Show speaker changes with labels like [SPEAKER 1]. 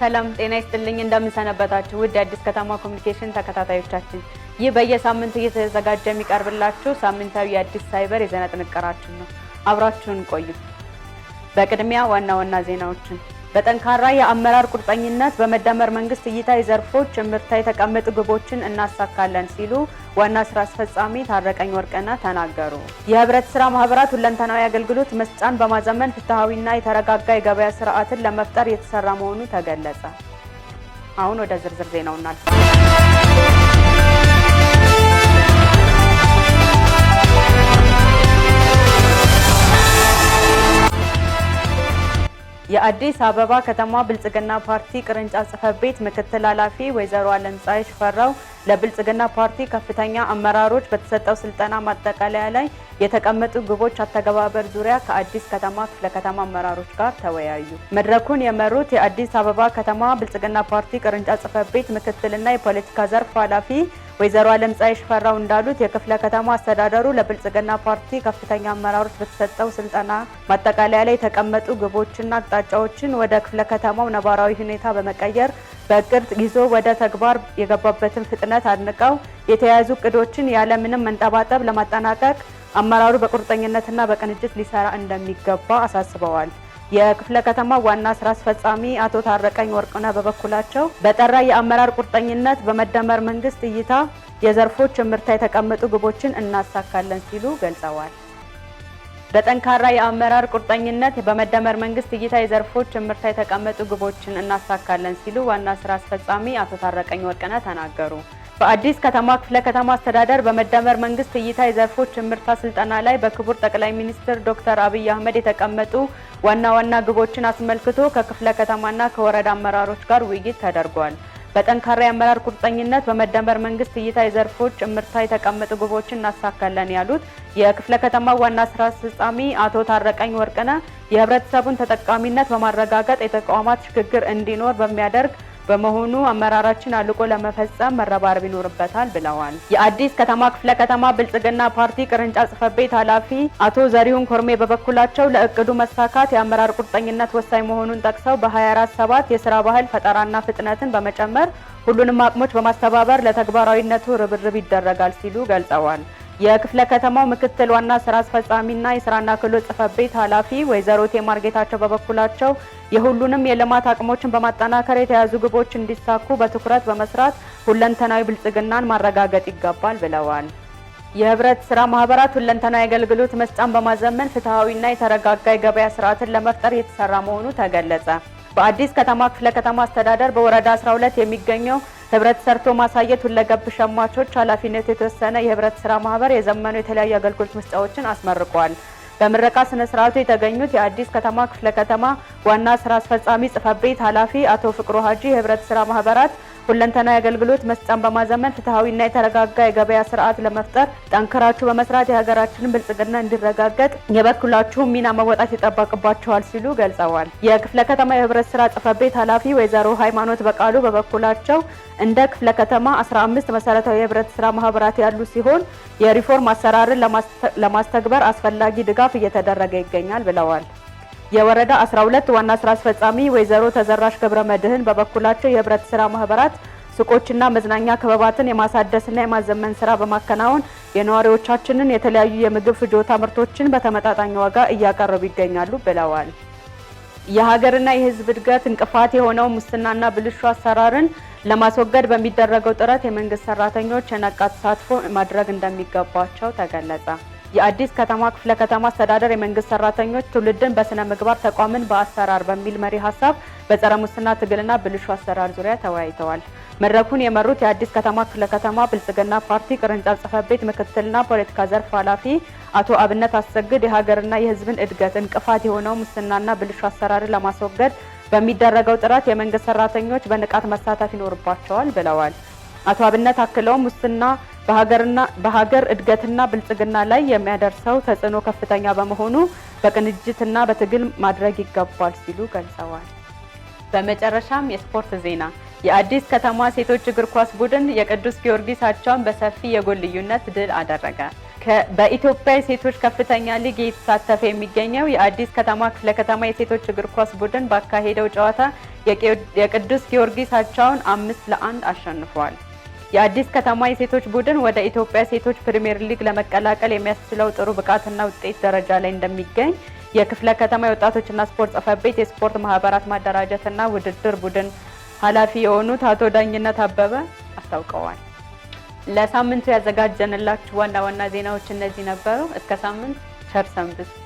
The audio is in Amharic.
[SPEAKER 1] ሰላም ጤና ይስጥልኝ። እንደምንሰነበታችሁ ውድ አዲስ ከተማ ኮሚኒኬሽን ተከታታዮቻችን፣ ይህ በየሳምንቱ እየተዘጋጀ የሚቀርብላችሁ ሳምንታዊ የአዲስ ሳይበር የዜና ጥንቅራችን ነው። አብራችሁን ቆዩ። በቅድሚያ ዋና ዋና ዜናዎችን በጠንካራ የአመራር ቁርጠኝነት በመደመር መንግስት እይታ ዘርፎች እምርታ የተቀመጡ ግቦችን እናሳካለን ሲሉ ዋና ስራ አስፈጻሚ ታረቀኝ ወርቅነህ ተናገሩ። የህብረት ስራ ማህበራት ሁለንተናዊ አገልግሎት መስጫን በማዘመን ፍትሐዊና የተረጋጋ የገበያ ስርዓትን ለመፍጠር የተሰራ መሆኑ ተገለጸ። አሁን ወደ ዝርዝር ዜናው እናልፋለን። የአዲስ አበባ ከተማ ብልጽግና ፓርቲ ቅርንጫፍ ጽፈት ቤት ምክትል ኃላፊ ወይዘሮ አለምፀሐይ ሽፈራው ለብልጽግና ፓርቲ ከፍተኛ አመራሮች በተሰጠው ስልጠና ማጠቃለያ ላይ የተቀመጡ ግቦች አተገባበር ዙሪያ ከአዲስ ከተማ ክፍለ ከተማ አመራሮች ጋር ተወያዩ። መድረኩን የመሩት የአዲስ አበባ ከተማ ብልጽግና ፓርቲ ቅርንጫፍ ጽሕፈት ቤት ምክትልና የፖለቲካ ዘርፍ ኃላፊ ወይዘሮ አለም ፀሐይ ሽፈራው እንዳሉት የክፍለ ከተማ አስተዳደሩ ለብልጽግና ፓርቲ ከፍተኛ አመራሮች በተሰጠው ስልጠና ማጠቃለያ ላይ የተቀመጡ ግቦችና አቅጣጫዎችን ወደ ክፍለ ከተማው ነባራዊ ሁኔታ በመቀየር በእቅድ ይዞ ወደ ተግባር የገባበትን ፍጥነት አድንቀው የተያያዙ እቅዶችን ያለምንም መንጠባጠብ ለማጠናቀቅ አመራሩ በቁርጠኝነትና በቅንጅት ሊሰራ እንደሚገባ አሳስበዋል። የክፍለ ከተማ ዋና ስራ አስፈጻሚ አቶ ታረቀኝ ወርቅነህ በበኩላቸው በጠራ የአመራር ቁርጠኝነት በመደመር መንግስት እይታ የዘርፎች እምርታ የተቀመጡ ግቦችን እናሳካለን ሲሉ ገልጸዋል። በጠንካራ የአመራር ቁርጠኝነት በመደመር መንግስት እይታ የዘርፎች እምርታ የተቀመጡ ግቦችን እናሳካለን ሲሉ ዋና ስራ አስፈጻሚ አቶ ታረቀኝ ወርቅነህ ተናገሩ። በአዲስ ከተማ ክፍለ ከተማ አስተዳደር በመደመር መንግስት እይታ የዘርፎች እምርታ ስልጠና ላይ በክቡር ጠቅላይ ሚኒስትር ዶክተር አብይ አህመድ የተቀመጡ ዋና ዋና ግቦችን አስመልክቶ ከክፍለ ከተማና ከወረዳ አመራሮች ጋር ውይይት ተደርጓል። በጠንካራ የአመራር ቁርጠኝነት በመደመር መንግስት እይታ የዘርፎች እምርታ የተቀመጡ ግቦችን እናሳካለን ያሉት የክፍለ ከተማ ዋና ስራ አስፈጻሚ አቶ ታረቀኝ ወርቅነ የህብረተሰቡን ተጠቃሚነት በማረጋገጥ የተቋማት ሽግግር እንዲኖር በሚያደርግ በመሆኑ አመራራችን አልቆ ለመፈጸም መረባረብ ይኖርበታል ብለዋል። የአዲስ ከተማ ክፍለ ከተማ ብልጽግና ፓርቲ ቅርንጫፍ ጽፈ ቤት ኃላፊ አቶ ዘሪሁን ኮርሜ በበኩላቸው ለእቅዱ መሳካት የአመራር ቁርጠኝነት ወሳኝ መሆኑን ጠቅሰው በ 24 ሰባት የስራ ባህል ፈጠራና ፍጥነትን በመጨመር ሁሉንም አቅሞች በማስተባበር ለተግባራዊነቱ ርብርብ ይደረጋል ሲሉ ገልጸዋል። የክፍለ ከተማው ምክትል ዋና ስራ አስፈጻሚና የስራና ክህሎት ጽህፈት ቤት ኃላፊ ወይዘሮ ቴማር ጌታቸው በበኩላቸው የሁሉንም የልማት አቅሞችን በማጠናከር የተያዙ ግቦች እንዲሳኩ በትኩረት በመስራት ሁለንተናዊ ብልጽግናን ማረጋገጥ ይገባል ብለዋል። የህብረት ስራ ማህበራት ሁለንተናዊ አገልግሎት መስጫን በማዘመን ፍትሐዊና የተረጋጋ የገበያ ስርዓትን ለመፍጠር የተሰራ መሆኑ ተገለጸ። በአዲስ ከተማ ክፍለ ከተማ አስተዳደር በወረዳ 12 የሚገኘው ህብረት ሰርቶ ማሳየት፣ ሁለገብ ሸማቾች፣ ኃላፊነት የተወሰነ የህብረት ስራ ማህበር የዘመኑ የተለያዩ አገልግሎት መስጫዎችን አስመርቋል። በምረቃ ስነ ስርዓቱ የተገኙት የአዲስ ከተማ ክፍለ ከተማ ዋና ስራ አስፈጻሚ ጽህፈት ቤት ኃላፊ አቶ ፍቅሩ ሀጂ የህብረት ስራ ማህበራት ሁለንተና የአገልግሎት መስጫን በማዘመን ፍትሐዊና የተረጋጋ የገበያ ስርዓት ለመፍጠር ጠንክራችሁ በመስራት የሀገራችንን ብልጽግና እንዲረጋገጥ የበኩላችሁን ሚና መወጣት ይጠበቅባቸዋል ሲሉ ገልጸዋል። የክፍለ ከተማ የህብረት ስራ ጽህፈት ቤት ኃላፊ ወይዘሮ ሃይማኖት በቃሉ በበኩላቸው እንደ ክፍለ ከተማ 15 መሰረታዊ የህብረት ስራ ማህበራት ያሉ ሲሆን የሪፎርም አሰራርን ለማስተግበር አስፈላጊ ድጋፍ እየተደረገ ይገኛል ብለዋል። የወረዳ 12 ዋና ስራ አስፈጻሚ ወይዘሮ ተዘራሽ ገብረ መድህን በበኩላቸው የህብረት ስራ ማህበራት ሱቆችና መዝናኛ ክበባትን የማሳደስና የማዘመን ስራ በማከናወን የነዋሪዎቻችንን የተለያዩ የምግብ ፍጆታ ምርቶችን በተመጣጣኝ ዋጋ እያቀረቡ ይገኛሉ ብለዋል። የሀገርና የህዝብ እድገት እንቅፋት የሆነው ሙስናና ብልሹ አሰራርን ለማስወገድ በሚደረገው ጥረት የመንግስት ሰራተኞች የነቃ ተሳትፎ ማድረግ እንደሚገባቸው ተገለጸ። የአዲስ ከተማ ክፍለ ከተማ አስተዳደር የመንግስት ሰራተኞች ትውልድን በስነ ምግባር ተቋምን በአሰራር በሚል መሪ ሀሳብ በጸረ ሙስና ትግልና ብልሹ አሰራር ዙሪያ ተወያይተዋል። መድረኩን የመሩት የአዲስ ከተማ ክፍለ ከተማ ብልጽግና ፓርቲ ቅርንጫፍ ጽህፈት ቤት ምክትልና ፖለቲካ ዘርፍ ኃላፊ አቶ አብነት አሰግድ የሀገርና የህዝብን እድገት እንቅፋት የሆነው ሙስናና ብልሹ አሰራርን ለማስወገድ በሚደረገው ጥረት የመንግስት ሰራተኞች በንቃት መሳተፍ ይኖርባቸዋል ብለዋል። አቶ አብነት አክለው ሙስና በሀገር እድገትና ብልጽግና ላይ የሚያደርሰው ተጽዕኖ ከፍተኛ በመሆኑ በቅንጅትና በትግል ማድረግ ይገባል ሲሉ ገልጸዋል። በመጨረሻም የስፖርት ዜና የአዲስ ከተማ ሴቶች እግር ኳስ ቡድን የቅዱስ ጊዮርጊስ አቻውን በሰፊ የጎል ልዩነት ድል አደረገ። በኢትዮጵያ የሴቶች ከፍተኛ ሊግ እየተሳተፈ የሚገኘው የአዲስ ከተማ ክፍለ ከተማ የሴቶች እግር ኳስ ቡድን ባካሄደው ጨዋታ የቅዱስ ጊዮርጊስ አቻውን አምስት ለአንድ አሸንፏል። የአዲስ ከተማ የሴቶች ቡድን ወደ ኢትዮጵያ ሴቶች ፕሪምየር ሊግ ለመቀላቀል የሚያስችለው ጥሩ ብቃትና ውጤት ደረጃ ላይ እንደሚገኝ የክፍለ ከተማ የወጣቶችና ስፖርት ጽሕፈት ቤት የስፖርት ማህበራት ማደራጀትና ውድድር ቡድን ኃላፊ የሆኑት አቶ ዳኝነት አበበ አስታውቀዋል። ለሳምንቱ ያዘጋጀንላችሁ ዋና ዋና ዜናዎች እነዚህ ነበሩ። እስከ ሳምንት ቸር ሰንብቱ።